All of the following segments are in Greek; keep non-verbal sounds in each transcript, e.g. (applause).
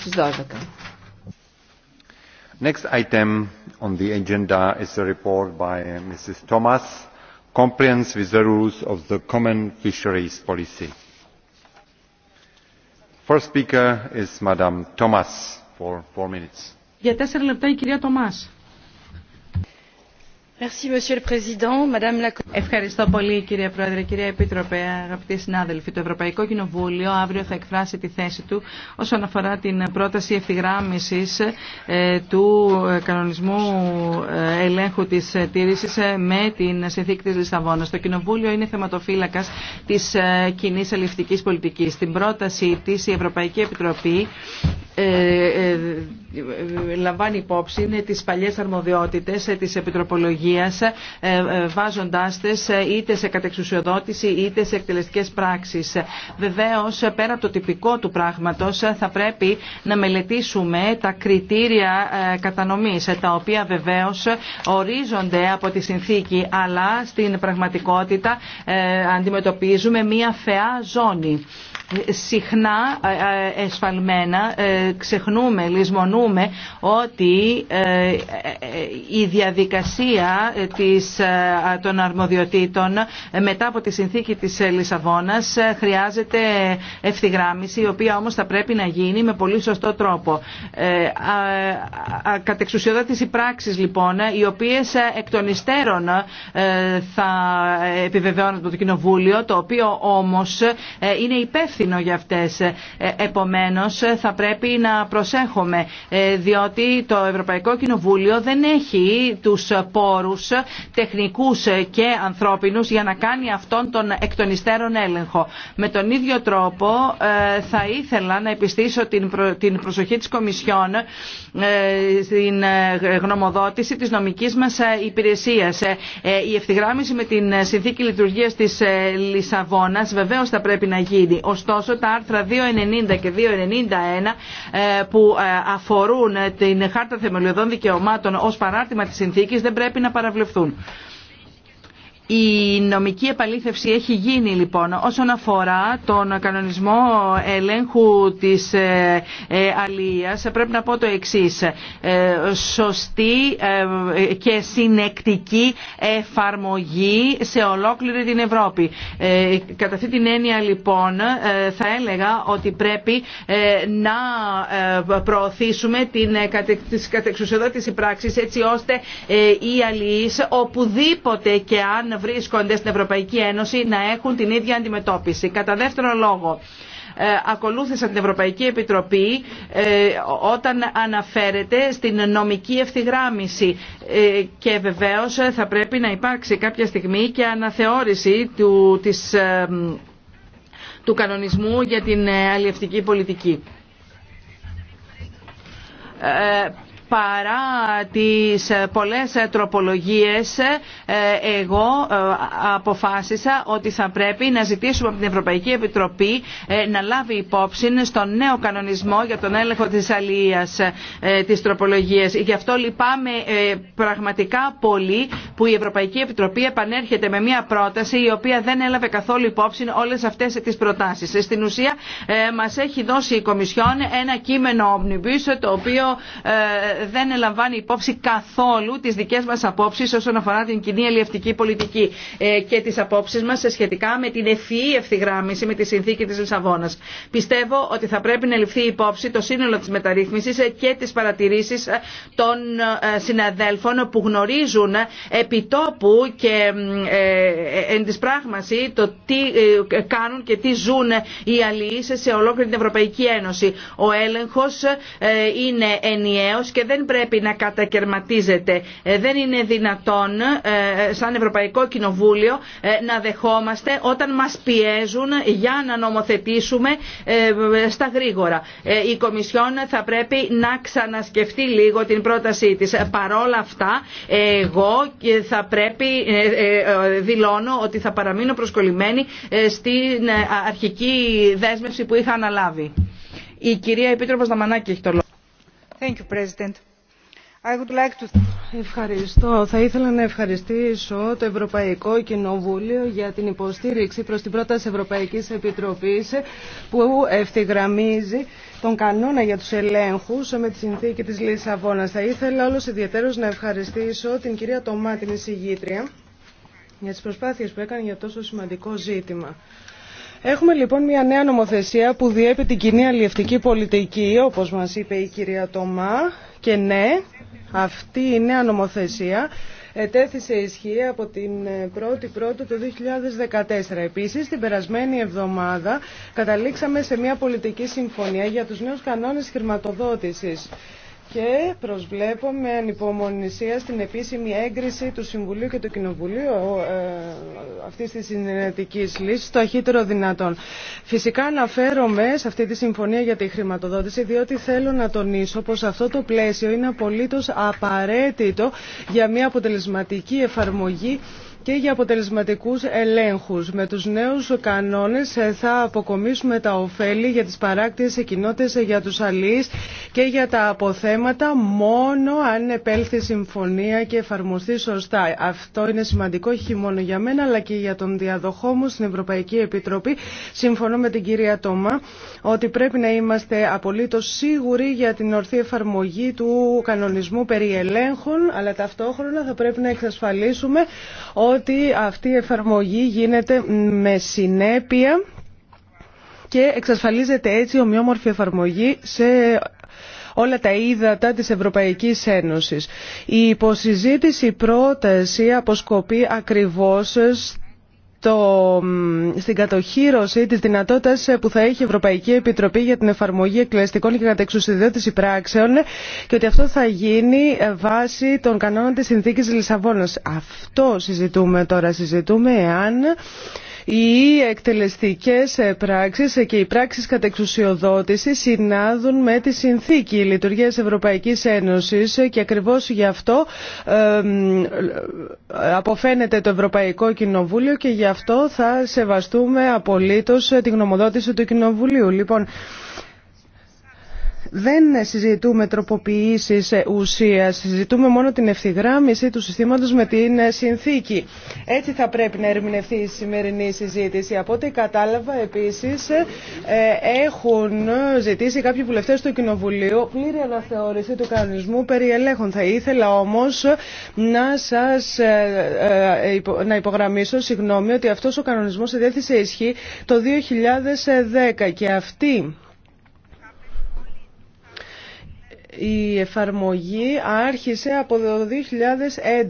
στις 12. Next item on the agenda is a report by Mrs. Thomas, Compliance with the Rules of the Common Fisheries Policy. First speaker is Madam Thomas for four minutes. Για τέσσερα λεπτά η κυρία Τομάς. Ευχαριστώ πολύ κύριε Πρόεδρε, κύριε Επίτροπε, αγαπητοί συνάδελφοι. Το Ευρωπαϊκό Κοινοβούλιο αύριο θα εκφράσει τη θέση του όσον αφορά την πρόταση ευθυγράμμισης ε, του ε, κανονισμού ε, ελέγχου της τήρησης με την συνθήκη της Λισαβόνας. Το Κοινοβούλιο είναι θεματοφύλακας της κοινή αλληλευτικής πολιτικής. Την πρόταση της η Ευρωπαϊκή Επιτροπή ε, ε, ε, λαμβάνει υπόψη είναι τις παλιές αρμοδιότητες της επιτροπολογίας βάζοντάς τες είτε σε κατεξουσιοδότηση είτε σε εκτελεστικές πράξεις. Βεβαίως πέρα από το τυπικό του πράγματος θα πρέπει να μελετήσουμε τα κριτήρια κατανομής τα οποία βεβαίως ορίζονται από τη συνθήκη αλλά στην πραγματικότητα αντιμετωπίζουμε μία θεά ζώνη συχνά ε, ε, εσφαλμένα ε, ξεχνούμε, λησμονούμε ότι η διαδικασία της, των αρμοδιοτήτων μετά από τη συνθήκη της Λισαβόνας χρειάζεται ευθυγράμμιση η οποία όμως θα πρέπει να γίνει με πολύ σωστό τρόπο. Κατεξουσιοδότηση πράξης λοιπόν οι οποίες εκ των υστέρων θα επιβεβαιώνουν από το Κοινοβούλιο το οποίο όμως είναι υπεύθυνο υπεύθυνο για αυτές. Ε, επομένως θα πρέπει να προσέχουμε ε, διότι το Ευρωπαϊκό Κοινοβούλιο δεν έχει τους πόρους τεχνικούς και ανθρώπινους για να κάνει αυτόν τον εκ των έλεγχο. Με τον ίδιο τρόπο ε, θα ήθελα να επιστήσω την προσοχή της Κομισιόν στην γνωμοδότηση της νομικής μας υπηρεσίας. Η ευθυγράμμιση με την Συνθήκη Λειτουργίας της Λισαβόνας βεβαίως θα πρέπει να γίνει ωστόσο τα άρθρα 290 και 291 ε, που ε, αφορούν την Χάρτα Θεμελιωδών Δικαιωμάτων ως παράρτημα της συνθήκης δεν πρέπει να παραβλεφθούν. Η νομική επαλήθευση έχει γίνει λοιπόν όσον αφορά τον κανονισμό ελέγχου της ε, ε, αλίας. Πρέπει να πω το εξής. Ε, σωστή και συνεκτική εφαρμογή σε ολόκληρη την Ευρώπη. Κατά αυτή την έννοια λοιπόν θα έλεγα ότι πρέπει να προωθήσουμε την κατεξουσιοδότηση πράξης έτσι ώστε οι αλίες οπουδήποτε και αν βρίσκονται στην Ευρωπαϊκή Ένωση να έχουν την ίδια αντιμετώπιση. Κατά δεύτερον λόγο, ε, ακολούθησα την Ευρωπαϊκή Επιτροπή ε, όταν αναφέρεται στην νομική ευθυγράμμιση ε, και βεβαίως θα πρέπει να υπάρξει κάποια στιγμή και αναθεώρηση του, της, του κανονισμού για την αλλιευτική πολιτική παρά τις πολλές τροπολογίες ε, εγώ ε, αποφάσισα ότι θα πρέπει να ζητήσουμε από την Ευρωπαϊκή Επιτροπή ε, να λάβει υπόψη στον νέο κανονισμό για τον έλεγχο της αλληλείας της τροπολογίας. Γι' αυτό λυπάμαι πραγματικά πολύ που η Ευρωπαϊκή Επιτροπή επανέρχεται με μια πρόταση η οποία δεν έλαβε καθόλου υπόψη όλες αυτές τις προτάσεις. Στην ουσία μας έχει δώσει η Κομισιόν ένα κείμενο omnibus το οποίο δεν ελαμβάνει υπόψη καθόλου τις δικές μας απόψεις όσον αφορά την κοινή ελιευτική πολιτική ε, και τις απόψεις μας σχετικά με την ευφυή ευθυγράμμιση με τη συνθήκη της Λισαβόνας. Πιστεύω ότι θα πρέπει να ληφθεί υπόψη το σύνολο της μεταρρύθμισης ε, και τις παρατηρήσεις ε, των συναδέλφων που γνωρίζουν επιτόπου και εν της πράγμαση το τι κάνουν και τι ζουν οι αλληλείς σε ολόκληρη την Ευρωπαϊκή Ένωση. Ο έλεγχος είναι ενιαίος και δεν πρέπει να κατακαιρματίζεται. Ε, δεν είναι δυνατόν ε, σαν Ευρωπαϊκό Κοινοβούλιο ε, να δεχόμαστε όταν μας πιέζουν για να νομοθετήσουμε στα γρήγορα. Η Κομισιόν θα πρέπει να ξανασκεφτεί λίγο την πρότασή της. Παρόλα αυτά, εγώ θα πρέπει, δηλώνω ότι θα παραμείνω προσκολλημένη στην αρχική δέσμευση που είχα αναλάβει. Η κυρία Επίτροπος Δαμανάκη έχει το λόγο. Ευχαριστώ. Θα ήθελα να ευχαριστήσω το Ευρωπαϊκό Κοινοβούλιο για την υποστήριξη προς την πρόταση Ευρωπαϊκής Επιτροπής που ευθυγραμμίζει τον κανόνα για τους ελέγχους με τη συνθήκη της Λισαβόνα. Θα ήθελα όλος ιδιαίτερος να ευχαριστήσω την κυρία Τωμά, την εισηγήτρια, για τις προσπάθειες που έκανε για τόσο σημαντικό ζήτημα. Έχουμε λοιπόν μια νέα νομοθεσία που διέπει την κοινή αλλιευτική πολιτική, όπως μας είπε η κυρία Τομά. Και ναι, αυτή η νέα νομοθεσία ετέθησε ισχύ από την 1η ε, Πρώτη του 2014. Επίσης, την περασμένη εβδομάδα καταλήξαμε σε μια πολιτική συμφωνία για τους νέους κανόνες χρηματοδότησης και προσβλέπω με ανυπομονησία στην επίσημη έγκριση του Συμβουλίου και του Κοινοβουλίου ε, αυτή τη συνενετική λύση, το αχύτερο δυνατόν. Φυσικά αναφέρομαι σε αυτή τη συμφωνία για τη χρηματοδότηση, διότι θέλω να τονίσω πω αυτό το πλαίσιο είναι απολύτω απαραίτητο για μια αποτελεσματική εφαρμογή και για αποτελεσματικούς ελέγχους. Με τους νέους κανόνες ε, θα αποκομίσουμε τα ωφέλη για τις παράκτιες κοινότητες, ε, για τους αλείς και για τα αποθέματα μόνο αν επέλθει συμφωνία και εφαρμοστεί σωστά. Αυτό είναι σημαντικό όχι μόνο για μένα αλλά και για τον διαδοχό μου στην Ευρωπαϊκή Επιτροπή. Συμφωνώ με την κυρία Τόμα ότι πρέπει να είμαστε απολύτως σίγουροι για την ορθή εφαρμογή του κανονισμού περί ελέγχων αλλά ταυτόχρονα θα πρέπει να εξασφαλίσουμε ότι αυτή η εφαρμογή γίνεται με συνέπεια και εξασφαλίζεται έτσι ομοιόμορφη εφαρμογή σε όλα τα ύδατα της Ευρωπαϊκής Ένωσης. Η υποσυζήτηση πρόταση αποσκοπεί ακριβώς το, στην κατοχήρωση τη δυνατότητας που θα έχει η Ευρωπαϊκή Επιτροπή για την εφαρμογή εκλεστικών και κατεξουσιδιώτηση πράξεων και ότι αυτό θα γίνει ε, βάσει των κανόνων της συνθήκης Λισαβόνας. Αυτό συζητούμε τώρα, συζητούμε εάν οι εκτελεστικές πράξεις και οι πράξεις κατά εξουσιοδότηση συνάδουν με τη συνθήκη λειτουργίας Ευρωπαϊκής Ένωσης και ακριβώς γι' αυτό αποφαίνεται το Ευρωπαϊκό Κοινοβούλιο και γι' αυτό θα σεβαστούμε απολύτως τη γνωμοδότηση του Κοινοβουλίου. Λοιπόν, δεν συζητούμε τροποποιήσεις ουσίας, συζητούμε μόνο την ευθυγράμμιση του συστήματος με την συνθήκη. Έτσι θα πρέπει να ερμηνευτεί η σημερινή συζήτηση. Από ό,τι κατάλαβα επίσης ε, έχουν ζητήσει κάποιοι βουλευτές του Κοινοβουλίου πλήρη αναθεώρηση του κανονισμού περί ελέγχων. Θα ήθελα όμως να σας ε, ε, να υπογραμμίσω συγγνώμη ότι αυτός ο κανονισμός εδέθησε ισχύ το 2010 και αυτή η εφαρμογή άρχισε από το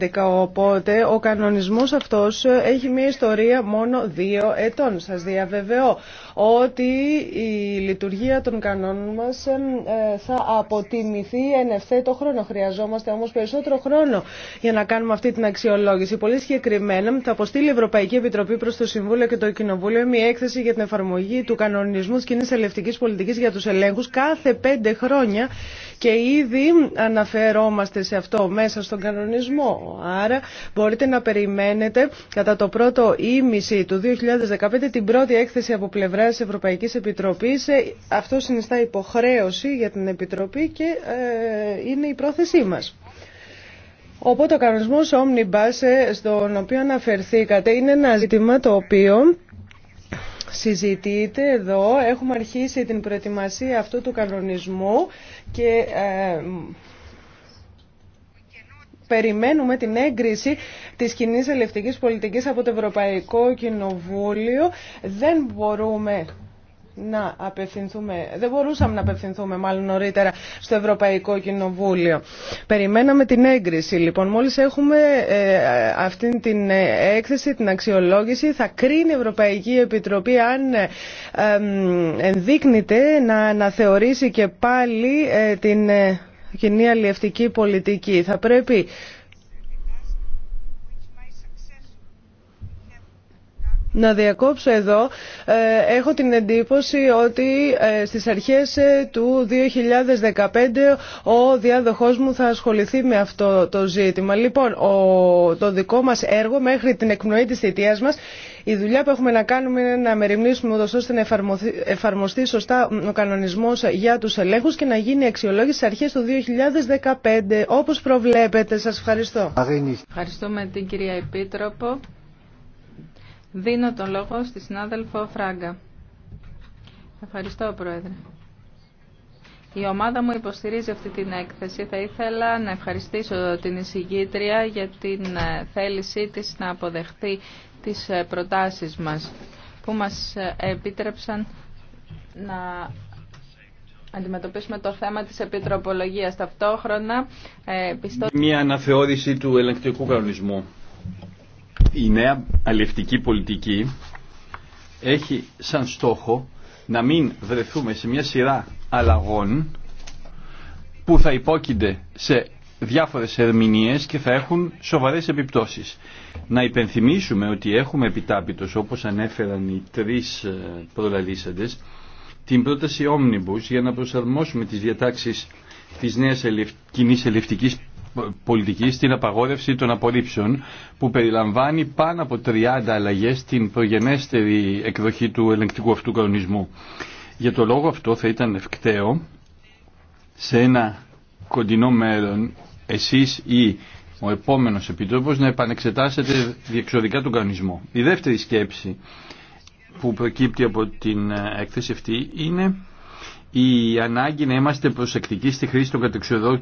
2011, οπότε ο κανονισμός αυτός έχει μια ιστορία μόνο δύο ετών, σας διαβεβαιώ ότι η λειτουργία των κανόνων μας ε, θα αποτιμηθεί εν ευθέτω χρόνο. Χρειαζόμαστε όμως περισσότερο χρόνο για να κάνουμε αυτή την αξιολόγηση. Πολύ συγκεκριμένα θα αποστείλει η Ευρωπαϊκή Επιτροπή προς το Συμβούλιο και το Κοινοβούλιο μια έκθεση για την εφαρμογή του κανονισμού της κοινής ελευτικής πολιτικής για τους ελέγχους κάθε πέντε χρόνια και ήδη αναφερόμαστε σε αυτό μέσα στον κανονισμό. Άρα μπορείτε να περιμένετε κατά το πρώτο ήμιση του 2015 την πρώτη έκθεση από πλευρά ευρωπαϊκή Επιτροπή Επιτροπής. Ε, αυτό συνιστά υποχρέωση για την Επιτροπή και ε, είναι η πρόθεσή μας. Οπότε ο κανονισμός Omnibus, ε, στον οποίο αναφερθήκατε, είναι ένα ζήτημα το οποίο συζητείται εδώ. Έχουμε αρχίσει την προετοιμασία αυτού του κανονισμού και περιμένουμε την έγκριση της κοινή ελευτικής πολιτικής από το Ευρωπαϊκό Κοινοβούλιο. Δεν μπορούμε να απευθυνθούμε, δεν μπορούσαμε να απευθυνθούμε μάλλον νωρίτερα στο Ευρωπαϊκό Κοινοβούλιο. Περιμέναμε την έγκριση λοιπόν. Μόλις έχουμε ε, αυτή την ε, έκθεση, την αξιολόγηση, θα κρίνει η Ευρωπαϊκή Επιτροπή αν ε, να αναθεωρήσει και πάλι ε, την ε, κοινή αλλιευτική πολιτική. Θα πρέπει Να διακόψω εδώ. Ε, έχω την εντύπωση ότι ε, στις αρχές ε, του 2015 ο διάδοχός μου θα ασχοληθεί με αυτό το ζήτημα. Λοιπόν, το δικό μας έργο μέχρι την εκπνοή της θητείας μας η δουλειά που έχουμε να κάνουμε είναι να μεριμνήσουμε ούτως ώστε να εφαρμοστεί σωστά ο κανονισμός για τους ελέγχους και να γίνει αξιολόγηση στις αρχές του 2015 όπως προβλέπετε. Σας ευχαριστώ. Ευχαριστούμε την κυρία Επίτροπο. Δίνω τον λόγο στη συνάδελφο Φράγκα. Ευχαριστώ, Πρόεδρε. Η ομάδα μου υποστηρίζει αυτή την έκθεση. Θα ήθελα να ευχαριστήσω την εισηγήτρια για την ε, θέλησή της να αποδεχθεί τις ε, προτάσεις μας που μας ε, επίτρεψαν να αντιμετωπίσουμε το θέμα της επιτροπολογίας. Ταυτόχρονα πιστώ... Μια αναθεώρηση του ελεγκτικού κανονισμού η νέα αλληλευτική πολιτική έχει σαν στόχο να μην βρεθούμε σε μια σειρά αλλαγών που θα υπόκεινται σε διάφορες ερμηνείες και θα έχουν σοβαρές επιπτώσεις. Να υπενθυμίσουμε ότι έχουμε επιτάπητος, όπως ανέφεραν οι τρεις ε, προλαλήσαντες, την πρόταση Omnibus για να προσαρμόσουμε τις διατάξεις της νέας κοινή ελευτικής πολιτική στην απαγόρευση των απορρίψεων που περιλαμβάνει πάνω από 30 αλλαγές στην προγενέστερη εκδοχή του ελεγκτικού αυτού κανονισμού. Για το λόγο αυτό θα ήταν ευκταίο σε ένα κοντινό μέλλον εσείς ή ο επόμενος Επίτροπος να επανεξετάσετε διεξοδικά τον κανονισμό. Η δεύτερη σκέψη που προκύπτει από την ε, έκθεση αυτή είναι η ανάγκη να είμαστε προσεκτικοί στη χρήση των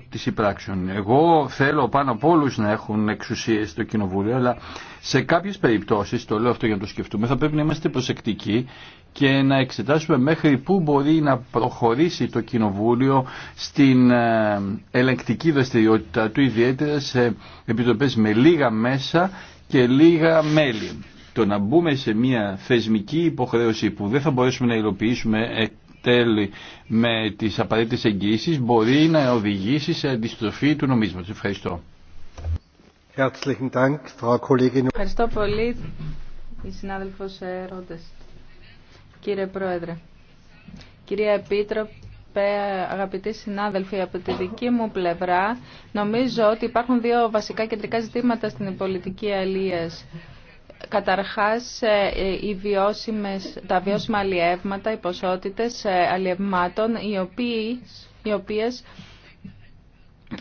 της υπράξεων. Εγώ θέλω πάνω από όλου να έχουν εξουσίε στο Κοινοβούλιο, αλλά σε κάποιες περιπτώσεις, το λέω αυτό για να το σκεφτούμε, θα πρέπει να είμαστε προσεκτικοί και να εξετάσουμε μέχρι πού μπορεί να προχωρήσει το Κοινοβούλιο στην ε, ελεγκτική δραστηριότητά του, ιδιαίτερα σε επιτροπέ με λίγα μέσα και λίγα μέλη. Το να μπούμε σε μια θεσμική υποχρέωση που δεν θα μπορέσουμε να υλοποιήσουμε τέλει με τις απαραίτητες εγγύησεις μπορεί να οδηγήσει σε αντιστροφή του νομίσματος. Ευχαριστώ. Ευχαριστώ πολύ η συνάδελφος ε, Ρόντες. Κύριε Πρόεδρε, κυρία Επίτροπε, αγαπητοί συνάδελφοι, από τη δική μου πλευρά νομίζω ότι υπάρχουν δύο βασικά κεντρικά ζητήματα στην πολιτική αλίας. Καταρχάς, ε, οι τα βιώσιμα αλλιεύματα, οι ποσότητες ε, αλλιευμάτων, οι, οι οποίες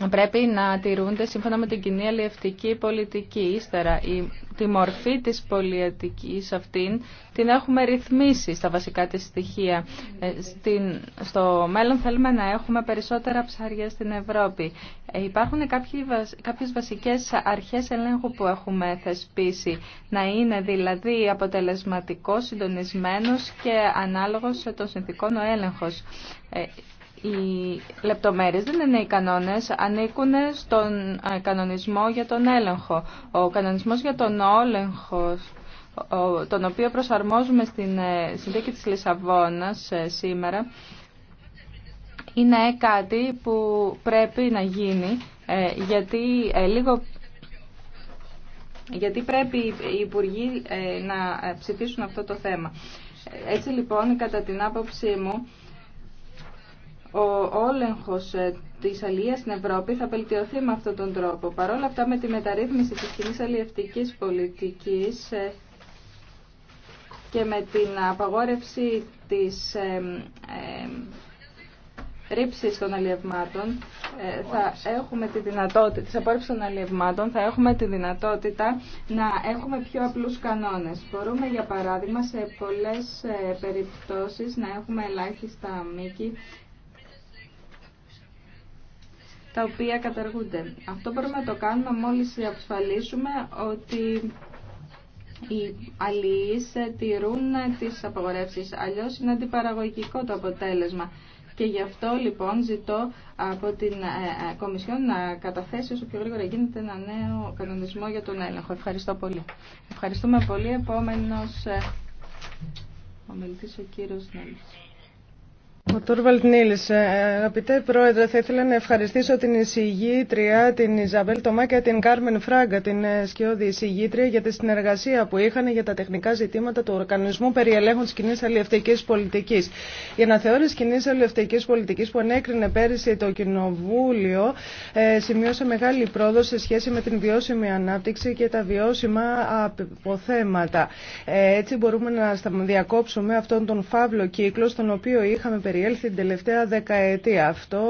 πρέπει να τηρούνται σύμφωνα με την κοινή αλλιευτική πολιτική. Ύστερα, η, τη μορφή της πολιτικής αυτήν την έχουμε ρυθμίσει στα βασικά της στοιχεία. Ε, στην, στο μέλλον θέλουμε να έχουμε περισσότερα ψάρια στην Ευρώπη. Ε, υπάρχουν κάποιοι, κάποιες βασικές αρχές ελέγχου που έχουμε θεσπίσει. Να είναι δηλαδή αποτελεσματικός, συντονισμένος και ανάλογος των συνθήκων ο έλεγχος. Ε, οι λεπτομέρειες δεν είναι οι κανόνες, ανήκουν στον ε, κανονισμό για τον έλεγχο. Ο κανονισμός για τον όλεγχο, τον οποίο προσαρμόζουμε στην ε, συνθήκη της Λισαβόνας ε, σήμερα, είναι κάτι που πρέπει να γίνει, γιατί λίγο γιατί πρέπει οι Υπουργοί να ψηφίσουν αυτό το θέμα. Έτσι λοιπόν, κατά την άποψή μου, ο όλεγχος ε, της αλληλεία στην Ευρώπη θα βελτιωθεί με αυτόν τον τρόπο. Παρ' αυτά με τη μεταρρύθμιση της κοινή αλληλευτικής πολιτικής ε, και με την απαγόρευση της ε, ρήψη των αλλιευμάτων θα έχουμε τη δυνατότητα της απόρριψης των αλλιευμάτων θα έχουμε τη δυνατότητα να έχουμε πιο απλούς κανόνες. Μπορούμε για παράδειγμα σε πολλές περιπτώσεις να έχουμε ελάχιστα μήκη τα οποία καταργούνται. Αυτό μπορούμε να το κάνουμε μόλις αποσφαλίσουμε ότι οι αλληλείς τηρούν τις απαγορεύσεις. Αλλιώς είναι αντιπαραγωγικό το αποτέλεσμα. Και γι' αυτό λοιπόν ζητώ από την ε, ε, Κομισιόν να καταθέσει όσο πιο γρήγορα γίνεται ένα νέο κανονισμό για τον έλεγχο. Ευχαριστώ πολύ. Ευχαριστούμε πολύ. Επόμενος ε, ο μελητής ο κύριος Νέλης. Ο Τόρβαλτ ε, αγαπητέ Πρόεδρε, θα ήθελα να ευχαριστήσω την εισηγήτρια, την Ιζαμπέλ Τωμά και την Κάρμεν Φράγκα, την ε, σκιώδη εισηγήτρια, για τη συνεργασία που είχαν για τα τεχνικά ζητήματα του οργανισμού περιελέγχων τη κοινή αλληλευτική πολιτική. Η αναθεώρηση κοινή αλληλευτική πολιτική που ανέκρινε πέρυσι το Κοινοβούλιο ε, σημείωσε μεγάλη πρόοδο σε σχέση με την βιώσιμη ανάπτυξη και τα βιώσιμα αποθέματα. Έτσι μπορούμε να διακόψουμε αυτόν τον φαύλο κύκλο στον οποίο είχαμε έλθει την τελευταία δεκαετία. Αυτό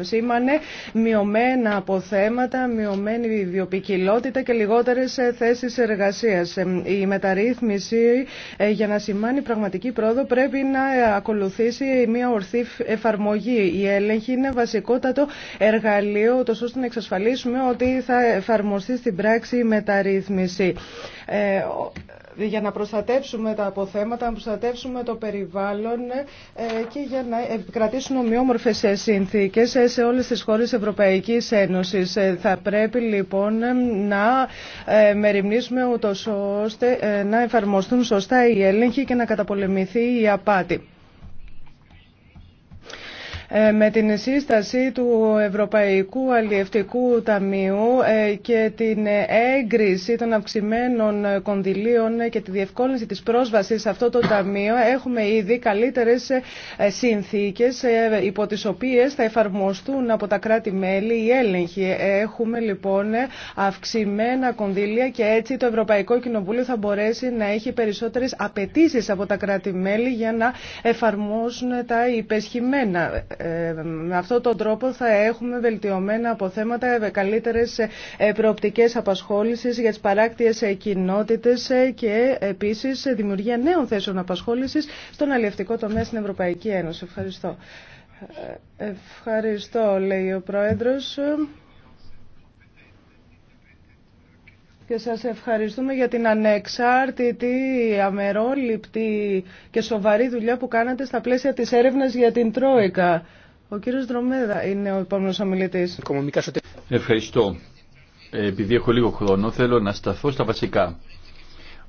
σήμανε μειωμένα αποθέματα, μειωμένη βιοπικιλότητα και λιγότερες ε, θέσεις εργασίας. Ε, η μεταρρύθμιση ε, για να σημάνει πραγματική πρόοδο πρέπει να ακολουθήσει μια ορθή εφαρμογή. Η έλεγχη είναι βασικότατο εργαλείο ώστε να εξασφαλίσουμε ότι θα εφαρμοστεί στην πράξη η μεταρρύθμιση για να προστατεύσουμε τα αποθέματα, να προστατεύσουμε το περιβάλλον ε, και για να κρατήσουν ομοιόμορφες ε, συνθήκες ε, σε όλες τις χώρες Ευρωπαϊκής Ένωσης. Θα πρέπει λοιπόν να μεριμνήσουμε ούτως ώστε να εφαρμοστούν σωστά οι έλεγχοι και να καταπολεμηθεί η απάτη. Ε, με την σύσταση του Ευρωπαϊκού Αλλιευτικού Ταμείου ε, και την έγκριση των αυξημένων κονδυλίων και τη διευκόλυνση της πρόσβασης σε αυτό το ταμείο έχουμε ήδη καλύτερες ε, συνθήκες υπό τις οποίες θα εφαρμοστούν από τα κράτη-μέλη οι έλεγχοι. Έχουμε λοιπόν αυξημένα κονδύλια και έτσι το Ευρωπαϊκό Κοινοβούλιο θα μπορέσει να έχει περισσότερες απαιτήσει από τα κράτη-μέλη για να εφαρμόσουν τα υπεσχημένα με αυτόν τον τρόπο θα έχουμε βελτιωμένα αποθέματα, ε, καλύτερες ε, προοπτικές απασχόλησης για τις παράκτιες ε, κοινότητες και επίσης δημιουργία νέων θέσεων απασχόλησης στον αλληλευτικό τομέα στην Ευρωπαϊκή Ένωση. Ευχαριστώ. Ευχαριστώ, λέει ο Πρόεδρος. και σας ευχαριστούμε για την ανεξάρτητη, αμερόληπτη και σοβαρή δουλειά που κάνατε στα πλαίσια της έρευνας για την Τρόικα. Ο κύριος Δρομέδα είναι ο επόμενος ομιλητής. Ευχαριστώ. Ε, επειδή έχω λίγο χρόνο θέλω να σταθώ στα βασικά.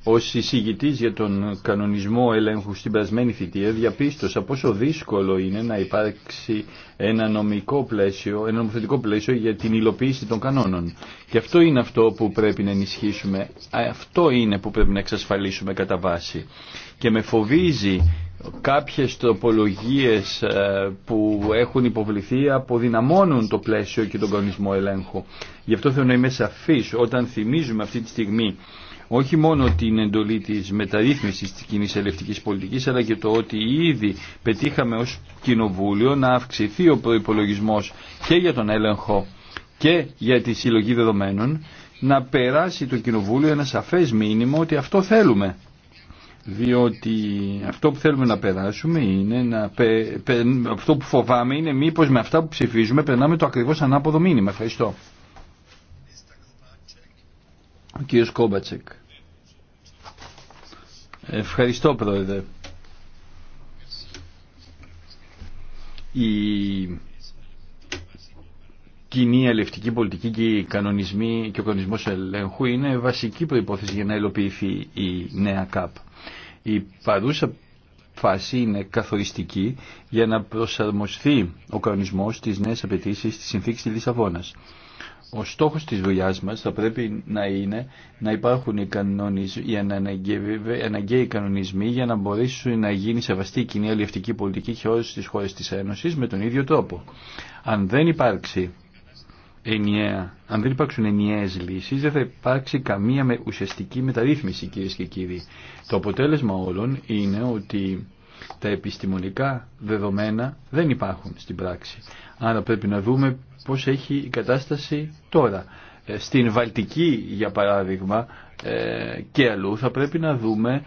Ω εισηγητή για τον κανονισμό ελέγχου στην περασμένη θητεία, διαπίστωσα πόσο δύσκολο είναι να υπάρξει ένα νομικό πλαίσιο, ένα νομοθετικό πλαίσιο για την υλοποίηση των κανόνων. Και αυτό είναι αυτό που πρέπει να ενισχύσουμε. Αυτό είναι που πρέπει να εξασφαλίσουμε κατά βάση. Και με φοβίζει κάποιες τροπολογίες ε, που έχουν υποβληθεί αποδυναμώνουν το πλαίσιο και τον κανονισμό ελέγχου. Γι' αυτό θέλω να είμαι σαφής όταν θυμίζουμε αυτή τη στιγμή όχι μόνο την εντολή της μεταρρύθμισης της κοινή ελευτικής πολιτικής αλλά και το ότι ήδη πετύχαμε ως κοινοβούλιο να αυξηθεί ο προπολογισμό και για τον έλεγχο και για τη συλλογή δεδομένων να περάσει το κοινοβούλιο ένα σαφές μήνυμα ότι αυτό θέλουμε διότι αυτό που θέλουμε να περάσουμε είναι να αυτό που φοβάμαι είναι μήπως με αυτά που ψηφίζουμε περνάμε το ακριβώς ανάποδο μήνυμα. Ευχαριστώ. Ο κύριος Κόμπατσεκ. Ευχαριστώ πρόεδρε. Η κοινή αλληλευτική πολιτική και, κανονισμοί και ο κανονισμός ελέγχου είναι βασική προϋπόθεση για να ελοποιηθεί η νέα ΚΑΠ. Η παρούσα φάση είναι καθοριστική για να προσαρμοστεί ο κανονισμός στις νέες απαιτήσεις της συνθήκης της Λισαβόνας ο στόχος της δουλειάς μας θα πρέπει να είναι να υπάρχουν οι, αναγκαίοι κανονισμοί για να μπορέσουν να γίνει σεβαστή η κοινή αλληλευτική πολιτική και όλες τις χώρες της Ένωσης με τον ίδιο τρόπο. Αν δεν υπάρξει ενιαία, αν δεν υπάρξουν ενιαίες λύσεις δεν θα υπάρξει καμία ουσιαστική μεταρρύθμιση κυρίες και κύριοι. Το αποτέλεσμα όλων είναι ότι τα επιστημονικά δεδομένα δεν υπάρχουν στην πράξη. Άρα πρέπει να δούμε πώς έχει η κατάσταση τώρα. Ε, στην Βαλτική, για παράδειγμα, ε, και αλλού θα πρέπει να δούμε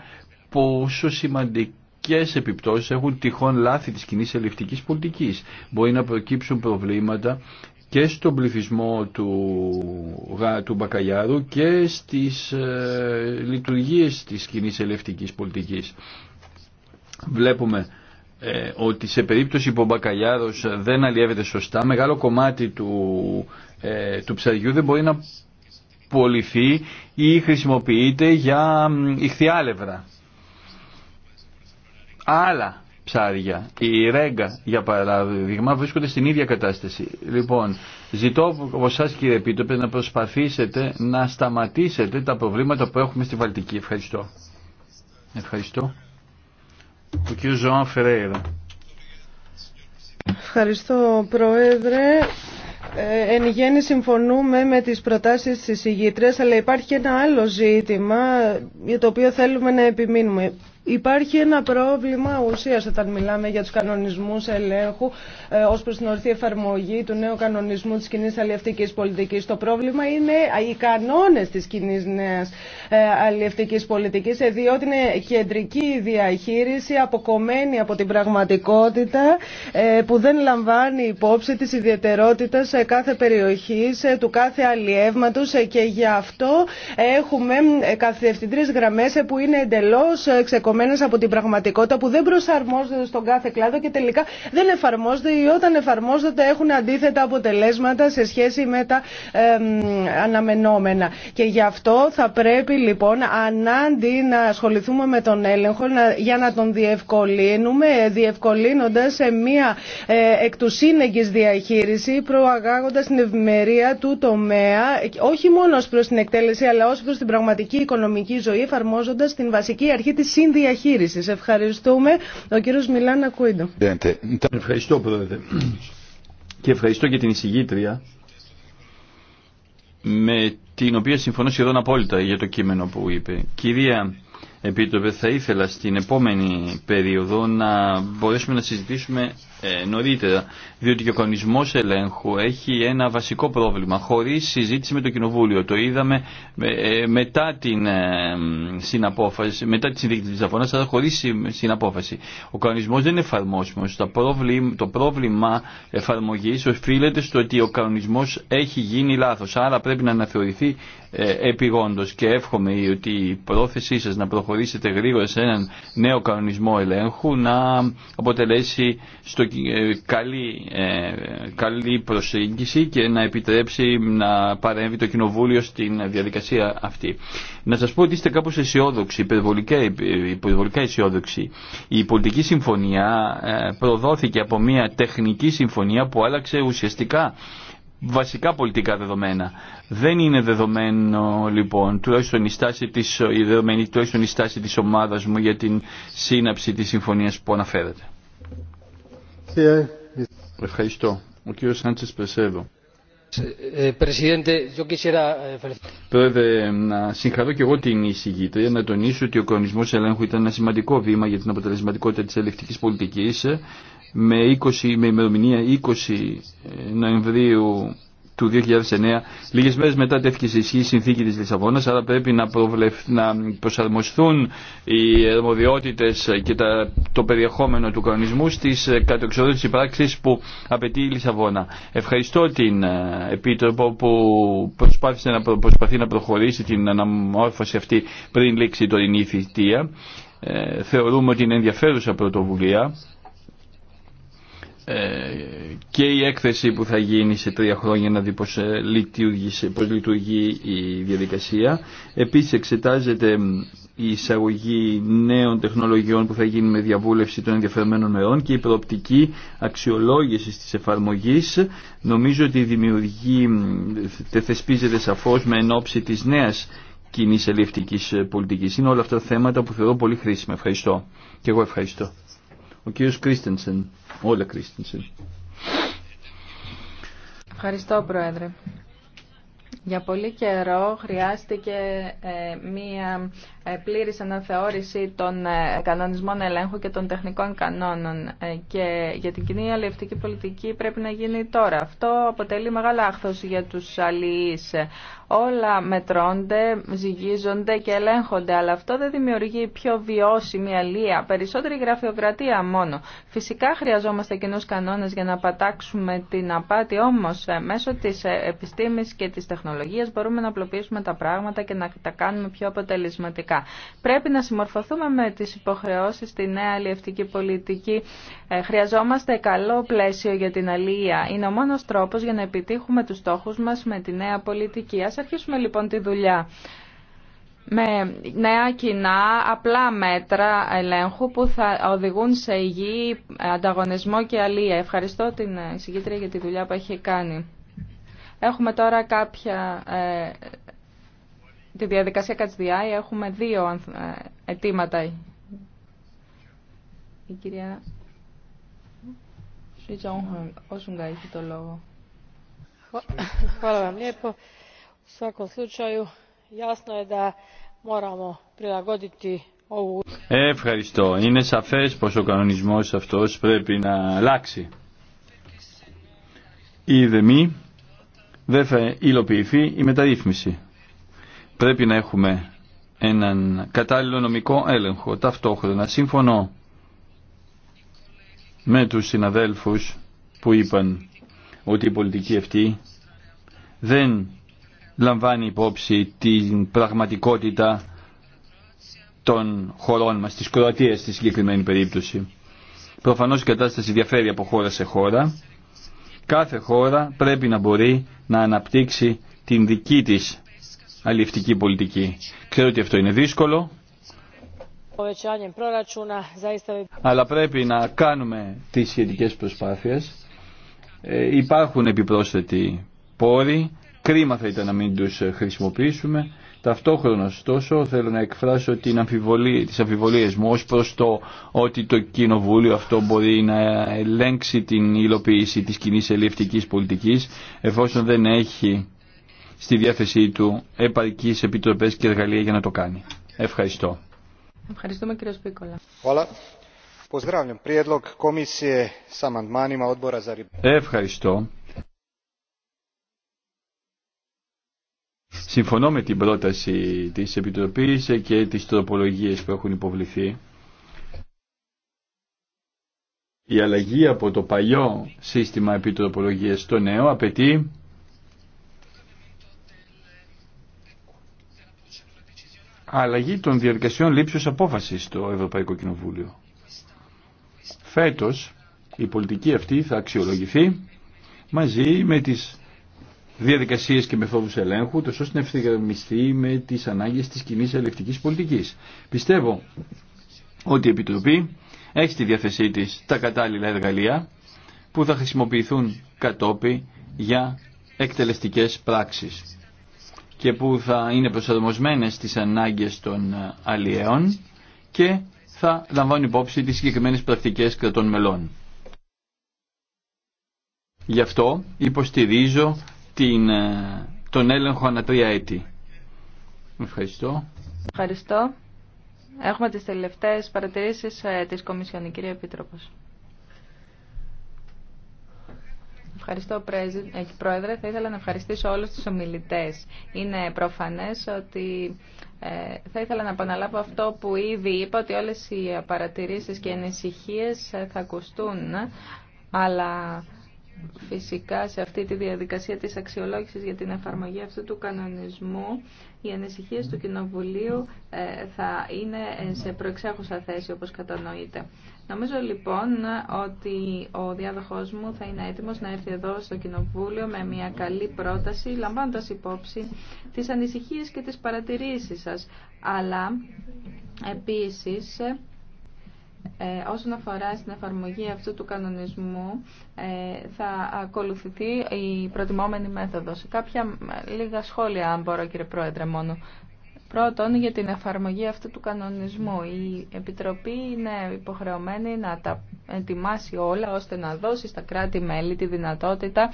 πόσο σημαντικό επιπτώσεις έχουν τυχόν λάθη της κοινή ελληνική πολιτικής. Μπορεί να προκύψουν προβλήματα και στον πληθυσμό του, του Μπακαγιάρου και στις ε, λειτουργίες της κοινή ελευτικής πολιτικής βλέπουμε ε, ότι σε περίπτωση που ο μπακαλιάρος δεν αλλιεύεται σωστά, μεγάλο κομμάτι του, ε, του ψαριού δεν μπορεί να πολυθεί ή χρησιμοποιείται για ηχθιάλευρα. Άλλα ψάρια, η ρέγγα για παράδειγμα, βρίσκονται στην ίδια κατάσταση. Λοιπόν, ζητώ από εσά κύριε Επίτροπε να προσπαθήσετε να σταματήσετε τα προβλήματα που έχουμε στη Βαλτική. Ευχαριστώ. Ευχαριστώ. Ο κ. Ζωάν Φερέιρα. Ευχαριστώ, Πρόεδρε. Ε, εν γέννη συμφωνούμε με τις προτάσεις της ηγήτριας, αλλά υπάρχει και ένα άλλο ζήτημα για το οποίο θέλουμε να επιμείνουμε. Υπάρχει ένα πρόβλημα ουσία όταν μιλάμε για του κανονισμού ελέγχου ε, ω προ την ορθή εφαρμογή του νέου κανονισμού τη κοινή αλληλευτική πολιτική. Το πρόβλημα είναι οι κανόνε τη κοινή νέα ε, αλληλευτική πολιτική, διότι είναι κεντρική διαχείριση αποκομμένη από την πραγματικότητα ε, που δεν λαμβάνει υπόψη τη ιδιαιτερότητα κάθε περιοχή, του κάθε αλλιεύματο ε, και γι' αυτό έχουμε ε, καθιευθυντρίε γραμμέ ε, που είναι εντελώ ξεκομμένε Επομένω, από την πραγματικότητα που δεν προσαρμόζονται στον κάθε κλάδο και τελικά δεν εφαρμόζονται ή όταν εφαρμόζονται έχουν αντίθετα αποτελέσματα σε σχέση με τα αναμενόμενα. Και γι' αυτό θα πρέπει λοιπόν ανάντι να ασχοληθούμε με τον έλεγχο για να τον διευκολύνουμε, διευκολύνοντας σε μία ε, εκ του σύνεγγης διαχείριση, προαγάγοντας την ευημερία του τομέα, όχι μόνο ως προς την εκτέλεση, αλλά ως προς την πραγματική οικονομική ζωή, εφαρμόζοντας την βασική αρχή της συνδυασμού Ευχαριστούμε. Ο κύριο Μιλάν Ακούιντο Ευχαριστώ πρόεδρε. Και ευχαριστώ και την εισηγήτρια με την οποία συμφωνώ σχεδόν απόλυτα για το κείμενο που είπε. Κυρία Επίτροπε, θα ήθελα στην επόμενη περίοδο να μπορέσουμε να συζητήσουμε ε, νωρίτερα, διότι και ο κανονισμό ελέγχου έχει ένα βασικό πρόβλημα, χωρί συζήτηση με το Κοινοβούλιο. Το είδαμε ε, ε, μετά την συναπόφαση, μετά τη συνδίκη τη Λισαβόνα, αλλά χωρί συναπόφαση. Ο κανονισμό δεν είναι εφαρμόσιμο. Το πρόβλημα εφαρμογή οφείλεται στο ότι ο κανονισμό έχει γίνει λάθο. Άρα πρέπει να αναθεωρηθεί ε, επιγόντως και εύχομαι ότι η πρόθεσή σας να προχωρήσετε γρήγορα σε έναν νέο κανονισμό ελέγχου να αποτελέσει στο, ε, καλή, ε, καλή προσέγγιση και να επιτρέψει να παρέμβει το Κοινοβούλιο στην διαδικασία αυτή. Να σας πω ότι είστε κάπως αισιόδοξοι, υπερβολικά, υπερβολικά αισιόδοξοι. Η πολιτική συμφωνία προδόθηκε από μια τεχνική συμφωνία που άλλαξε ουσιαστικά βασικά πολιτικά δεδομένα. Δεν είναι δεδομένο λοιπόν, τουλάχιστον η στάση της, η δεδομένη, τουλάχιστον η στάση της ομάδας μου για την σύναψη της συμφωνίας που αναφέρεται. Ευχαριστώ. Ο κύριος Σάντσες Πρεσέδο. Ε, ε, ε, Πρόεδρε, να συγχαρώ και εγώ την εισηγήτρια να τονίσω ότι ο κανονισμός ελέγχου ήταν ένα σημαντικό βήμα για την αποτελεσματικότητα της ελεκτικής πολιτικής με, 20, με ημερομηνία 20 ε, Νοεμβρίου του 2009, λίγες μέρες μετά τέθηκε σε ισχύ η συνθήκη της Λισαβόνας, άρα πρέπει να, προβλεφ, να προσαρμοστούν οι ερμοδιότητες και τα, το περιεχόμενο του κανονισμού στις ε, κατεξοδότητες πράξεις που απαιτεί η Λισαβόνα. Ευχαριστώ την ε, Επίτροπο που προσπάθησε να, προ, προσπαθεί να προχωρήσει την αναμόρφωση αυτή πριν λήξει το τωρινή θητεία. θεωρούμε ότι είναι ενδιαφέρουσα πρωτοβουλία ε, και η έκθεση που θα γίνει σε τρία χρόνια να δει πώς ε, λειτουργεί, πώς η διαδικασία. Επίσης εξετάζεται η εισαγωγή νέων τεχνολογιών που θα γίνει με διαβούλευση των ενδιαφερμένων μερών και η προοπτική αξιολόγηση της εφαρμογής. Νομίζω ότι δημιουργεί θεσπίζεται σαφώς με ενόψη της νέας κοινής ελευθερικής ε, πολιτικής. Είναι όλα αυτά θέματα που θεωρώ πολύ χρήσιμα. Ευχαριστώ. Και εγώ ευχαριστώ. Ο κύριος Κρίστενσεν, όλα Κρίστενσεν. Ευχαριστώ Πρόεδρε. Για πολύ καιρό χρειάστηκε ε, μία ε, πλήρης αναθεώρηση των ε, κανονισμών ελέγχου και των τεχνικών κανόνων και για την κοινή αλληλευτική πολιτική πρέπει να γίνει τώρα. Αυτό αποτελεί μεγάλο άχθος για τους αλληλείς όλα μετρώνται, ζυγίζονται και ελέγχονται, αλλά αυτό δεν δημιουργεί πιο βιώσιμη αλία, περισσότερη γραφειοκρατία μόνο. Φυσικά χρειαζόμαστε κοινού κανόνε για να πατάξουμε την απάτη, όμω ε, μέσω τη ε, επιστήμη και τη τεχνολογία. μπορούμε να απλοποιήσουμε τα πράγματα και να τα κάνουμε πιο αποτελεσματικά. Πρέπει να συμμορφωθούμε με τι υποχρεώσει στη νέα αλλιευτική πολιτική. Ε, χρειαζόμαστε καλό πλαίσιο για την αλία. Είναι ο μόνος τρόπο για να επιτύχουμε του στόχου μα με τη νέα πολιτική αρχίσουμε λοιπόν τη δουλειά με νέα κοινά, απλά μέτρα ελέγχου που θα οδηγούν σε υγιή ανταγωνισμό και αλία. Ευχαριστώ την συγκήτρια για τη δουλειά που έχει κάνει. Έχουμε τώρα κάποια... Ε, τη διαδικασία Κατσδιάη έχουμε δύο ε, αιτήματα. Η κυρία έχει το λόγο. (laughs) u svakom slučaju Ευχαριστώ. Είναι σαφές πως ο κανονισμός αυτός πρέπει να αλλάξει. Η μη, δεν θα υλοποιηθεί η μεταρρύθμιση. Πρέπει να έχουμε έναν κατάλληλο νομικό έλεγχο. Ταυτόχρονα σύμφωνο με τους συναδέλφους που είπαν ότι η πολιτική αυτή δεν λαμβάνει υπόψη την πραγματικότητα των χωρών μας, της Κροατίας στη συγκεκριμένη περίπτωση. Προφανώς η κατάσταση διαφέρει από χώρα σε χώρα. Κάθε χώρα πρέπει να μπορεί να αναπτύξει την δική της αλληλευτική πολιτική. Ξέρω ότι αυτό είναι δύσκολο, αλλά πρέπει να κάνουμε τις σχετικές προσπάθειες. Ε, υπάρχουν επιπρόσθετοι πόροι, Κρίμα θα ήταν να μην τους ε, χρησιμοποιήσουμε. Ταυτόχρονα, ωστόσο, θέλω να εκφράσω την αμφιβολία, τις αμφιβολίες μου ως προς το ότι το Κοινοβούλιο αυτό μπορεί να ελέγξει την υλοποίηση της κοινή ελευτικής πολιτικής εφόσον δεν έχει στη διάθεσή του επαρκείς επιτροπές και εργαλεία για να το κάνει. Ευχαριστώ. Ευχαριστούμε κύριο Σπίκολα. Ευχαριστώ. Συμφωνώ με την πρόταση της Επιτροπής και τις τροπολογίες που έχουν υποβληθεί. Η αλλαγή από το παλιό σύστημα επιτροπολογίας στο νέο απαιτεί αλλαγή των διαδικασιών λήψης απόφασης στο Ευρωπαϊκό Κοινοβούλιο. Φέτος η πολιτική αυτή θα αξιολογηθεί μαζί με τις Διαδικασίε και μεθόδους ελέγχου, τόσο ώστε να ευθυγραμμιστεί με τι ανάγκε τη κοινή ελεκτική πολιτική Πιστεύω ότι η Επιτροπή έχει στη διάθεσή της τα κατάλληλα εργαλεία που θα χρησιμοποιηθούν κατόπι για εκτελεστικές πράξει και που θα είναι προσαρμοσμένες στις ανάγκες των αλλιέων και θα λαμβάνουν υπόψη τις συγκεκριμένε πρακτικές κρατών μελών. Γι' αυτό υποστηρίζω την, ε, τον έλεγχο ανά τρία έτη. Ευχαριστώ. Ευχαριστώ. Έχουμε τις τελευταίες παρατηρήσεις ε, της Κομισιόν, κύριε Επίτροπος. Ευχαριστώ, ε, Πρόεδρε. Θα ήθελα να ευχαριστήσω όλους τους ομιλητές. Είναι προφανές ότι θα ήθελα να επαναλάβω αυτό που ήδη είπα, ότι όλες οι παρατηρήσεις και οι ανησυχίες θα ακουστούν, αλλά Φυσικά σε αυτή τη διαδικασία της αξιολόγησης για την εφαρμογή αυτού του κανονισμού οι ανησυχίες του Κοινοβουλίου ε, θα είναι σε προεξέχουσα θέση όπως κατανοείτε. Νομίζω λοιπόν ότι ο διάδοχός μου θα είναι έτοιμος να έρθει εδώ στο Κοινοβούλιο με μια καλή πρόταση λαμβάνοντας υπόψη τις ανησυχίες και τις παρατηρήσεις σας. Αλλά επίσης ε, όσον αφορά στην εφαρμογή αυτού του κανονισμού ε, θα ακολουθηθεί η προτιμόμενη μέθοδος. Κάποια ε, λίγα σχόλια αν μπορώ κύριε Πρόεδρε μόνο. Πρώτον, για την εφαρμογή αυτού του κανονισμού. Η Επιτροπή είναι υποχρεωμένη να τα ετοιμάσει όλα ώστε να δώσει στα κράτη-μέλη τη δυνατότητα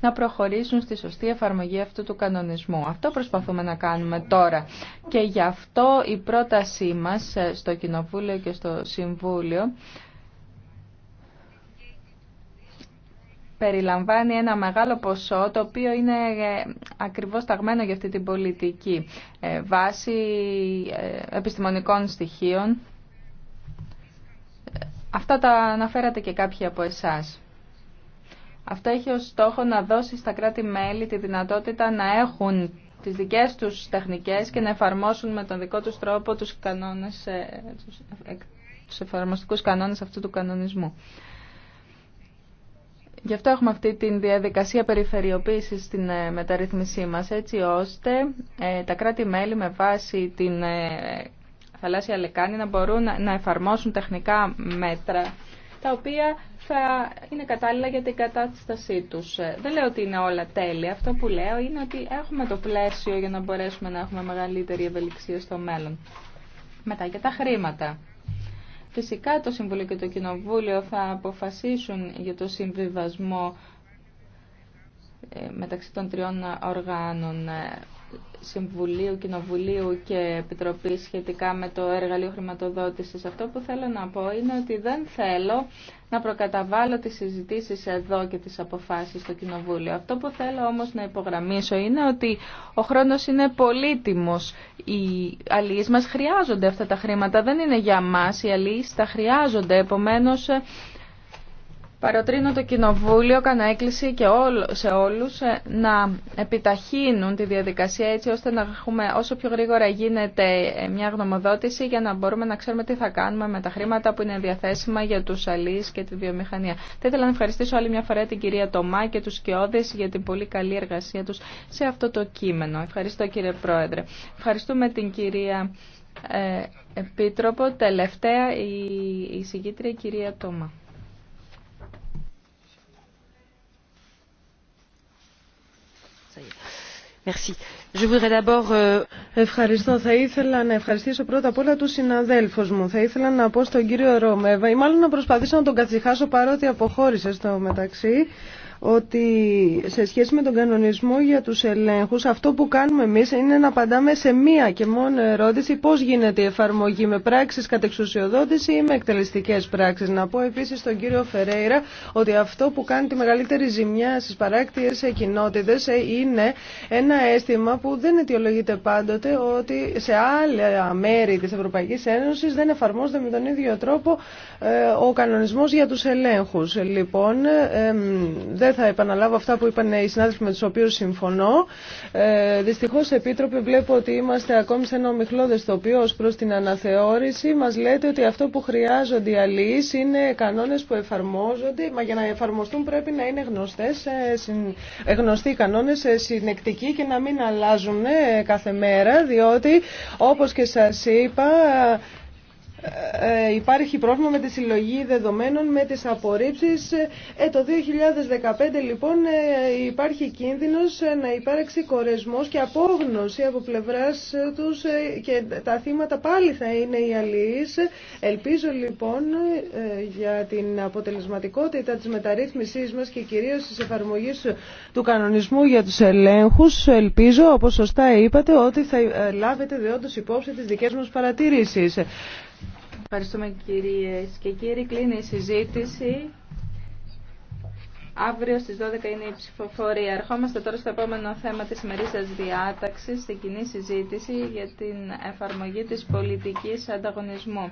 να προχωρήσουν στη σωστή εφαρμογή αυτού του κανονισμού. Αυτό προσπαθούμε να κάνουμε τώρα. Και γι' αυτό η πρότασή μας ε, στο Κοινοβούλιο και στο Συμβούλιο περιλαμβάνει ένα μεγάλο ποσό το οποίο είναι ε, ακριβώς ταγμένο για αυτή την πολιτική ε, βάση ε, επιστημονικών στοιχείων. Αυτά τα αναφέρατε και κάποιοι από εσάς. Αυτό έχει ως στόχο να δώσει στα κράτη-μέλη τη δυνατότητα να έχουν τις δικές τους τεχνικές και να εφαρμόσουν με τον δικό τους τρόπο τους, κανόνες, τους εφαρμοστικούς κανόνες αυτού του κανονισμού. Γι' αυτό έχουμε αυτή τη διαδικασία περιφερειοποίησης στην ε, μεταρρύθμισή μας, έτσι ώστε ε, τα κράτη-μέλη με βάση την ε, θαλάσσια λεκάνη να μπορούν να εφαρμόσουν τεχνικά μέτρα, τα οποία θα είναι κατάλληλα για την κατάστασή τους. Δεν λέω ότι είναι όλα τέλεια. Αυτό που λέω είναι ότι έχουμε το πλαίσιο για να μπορέσουμε να έχουμε μεγαλύτερη ευελιξία στο μέλλον. Μετά για τα χρήματα. Φυσικά το Συμβούλιο και το Κοινοβούλιο θα αποφασίσουν για το συμβιβασμό ε, μεταξύ των τριών οργάνων. Ε, Συμβουλίου, Κοινοβουλίου και Επιτροπή σχετικά με το εργαλείο χρηματοδότησης. Αυτό που θέλω να πω είναι ότι δεν θέλω να προκαταβάλω τις συζητήσει εδώ και τις αποφάσεις στο Κοινοβούλιο. Αυτό που θέλω όμως να υπογραμμίσω είναι ότι ο χρόνος είναι πολύτιμος. Οι αλληλείς μα χρειάζονται αυτά τα χρήματα, δεν είναι για μα. Οι τα χρειάζονται, επομένως Παροτρύνω το Κοινοβούλιο, κανένα έκκληση και σε όλους ε, να επιταχύνουν τη διαδικασία έτσι ώστε να έχουμε όσο πιο γρήγορα γίνεται ε, μια γνωμοδότηση για να μπορούμε να ξέρουμε τι θα κάνουμε με τα χρήματα που είναι διαθέσιμα για τους αλείς και τη βιομηχανία. Θα ήθελα να ευχαριστήσω άλλη μια φορά την κυρία Τομά και τους Κιώδης για την πολύ καλή εργασία τους σε αυτό το κείμενο. Ευχαριστώ κύριε Πρόεδρε. Ευχαριστούμε την κυρία ε, Επίτροπο. Τελευταία η, η κυρία Τομά. merci. Euh, Ευχαριστώ. Θα ήθελα να ευχαριστήσω πρώτα απ' όλα του συναδέλφου μου. Θα ήθελα να πω στον κύριο Ρόμεβα ή μάλλον να προσπαθήσω να τον καθιχάσω παρότι αποχώρησε στο μεταξύ, ότι σε σχέση με τον κανονισμό για του ελέγχου, αυτό που κάνουμε εμεί είναι να απαντάμε σε μία και μόνο ερώτηση Πώ γίνεται η εφαρμογή με πράξεις κατεξουσιοδότηση ή με εκτελεστικέ πράξει. Να πω επίση στον κύριο Φερέιρα ότι αυτό που κάνει τη μεγαλύτερη ζημιά στι παράκτιε κοινότητε ε, είναι ένα αίσθημα που δεν αιτιολογείται πάντοτε ότι σε άλλα μέρη της Ευρωπαϊκής Ένωσης δεν εφαρμόζεται με τον ίδιο τρόπο ε, ο κανονισμός για τους ελέγχους. Λοιπόν, δεν θα επαναλάβω αυτά που είπαν οι συνάδελφοι με τους οποίους συμφωνώ. Ε, δυστυχώς, Επίτροπε, βλέπω ότι είμαστε ακόμη σε ένα ομιχλώδες τοπίο ως προς την αναθεώρηση. Μας λέτε ότι αυτό που χρειάζονται οι αλληλείς είναι κανόνες που εφαρμόζονται, μα για να εφαρμοστούν πρέπει να είναι γνωστές, ε, γνωστοί οι ε, συνεκτικοί και να μην αλλάζουν αλλάζουν κάθε μέρα, διότι όπως και σας είπα ε, ε, υπάρχει πρόβλημα με τη συλλογή δεδομένων, με τις απορρίψεις. Ε, το 2015 λοιπόν ε, υπάρχει κίνδυνος να υπάρξει κορεσμός και απόγνωση από πλευράς τους και τα θύματα πάλι θα είναι οι αλληλείς. Ελπίζω λοιπόν για την αποτελεσματικότητα της μεταρρύθμισής μας και κυρίως της εφαρμογής του κανονισμού για τους ελέγχους, ελπίζω όπως σωστά είπατε ότι θα λάβετε διόντως υπόψη τις δικές μας παρατηρήσεις. Ευχαριστούμε κυρίες και κύριοι. Κλείνει η συζήτηση. Αύριο στις 12 είναι η ψηφοφορία. Ερχόμαστε τώρα στο επόμενο θέμα της σημερινής διάταξης, στην κοινή συζήτηση για την εφαρμογή της πολιτικής ανταγωνισμού.